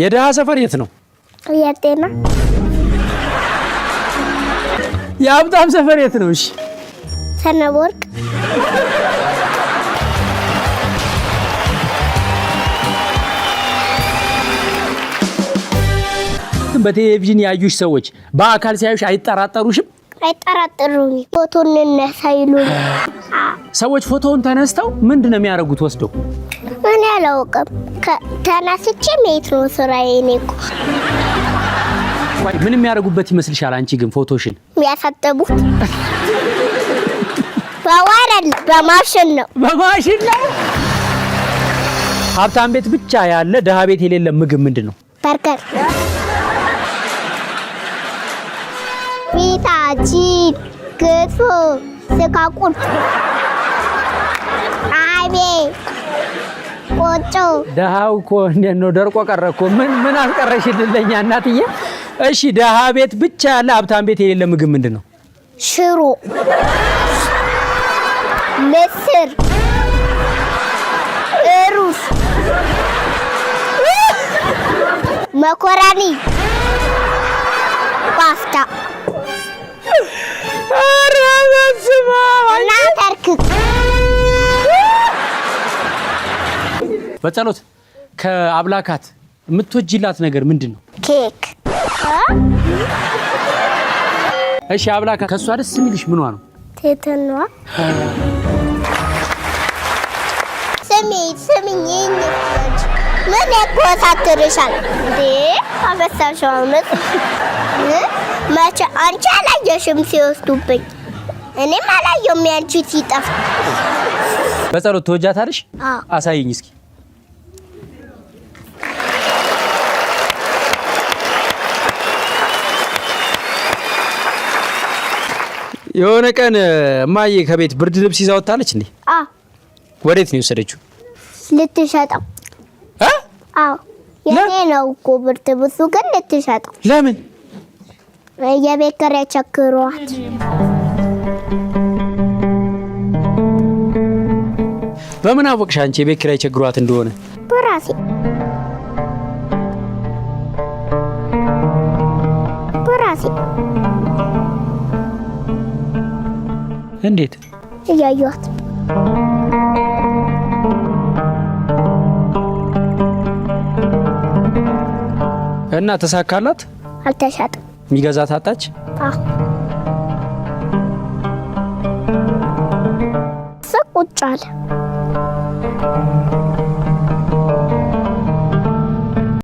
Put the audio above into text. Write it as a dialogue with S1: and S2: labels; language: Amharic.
S1: የድሃ ሰፈር የት ነው? የጤና። የሀብታም ሰፈር የት ነው? እሺ ሰነወርቅ። በቴሌቪዥን ያዩሽ ሰዎች በአካል ሲያዩሽ አይጠራጠሩሽም?
S2: አይጠራጠሩኝ። ፎቶን እንነሳ ይሉኝ።
S1: ሰዎች ፎቶውን ተነስተው ምንድን ነው የሚያደርጉት? ወስደው
S2: አላውቅም። ተነስቼ ሜት ነው ስራዬ። እኔ እኮ
S1: ምን የሚያደርጉበት ይመስልሻል? አንቺ ግን ፎቶሽን
S2: የሚያሳጥቡት በዋረል በማሽን ነው
S1: በማሽን ነው። ሀብታም ቤት ብቻ ያለ ድሀ ቤት የሌለ ምግብ ምንድን ነው?
S2: በርገር፣ ፒታ፣ ቺፕ፣ ክትፎ፣ ስጋ ቁርጥ፣ አይቤ ቆጮ
S1: ደሃው እኮ እንዴት ነው ደርቆ ቀረ እኮ። ምን ምን አስቀረሽልን እናትዬ? እሺ ደሃ ቤት ብቻ ያለ ሀብታም ቤት የሌለ ምግብ ምንድን ነው?
S2: ሽሮ፣ ምስር፣ ሩዝ፣ መኮረኒ፣ ፓስታ እና ተርክክ
S1: በጸሎት ከአብላካት የምትወጅላት ነገር ምንድን ነው? ኬክ። እሺ አብላካት ከእሷ ደስ የሚልሽ ምኗ ነው?
S2: ቴተኗ። ስሚ ስሚኝ ምን ያኮሳትርሻል እንዴ? አበሳሽው አመት መቼ አንቺ አላየሽም ሲወስዱብኝ? እኔም አላየሁም ያንቺ ሲጠፋ።
S1: በጸሎት ተወጃታለሽ? አሳይኝ እስኪ የሆነ ቀን እማዬ ከቤት ብርድ ልብስ ይዛ ወጣለች እንዴ? አዎ። ወዴት ነው የወሰደችው?
S2: ልትሸጠው። አዎ የኔ ነው እኮ ብርድ ልብሱ ግን ልትሸጠው። ለምን? የቤት ኪራይ ያቸግሯት።
S1: በምን አወቅሽ አንቺ የቤት ኪራይ ቸግሯት እንደሆነ?
S2: በራሴ በራሴ እንዴት እያዩት
S1: እና ተሳካላት? አልተሻጥም። የሚገዛ ታጣች?
S2: አዎ። ቁጭ አለ።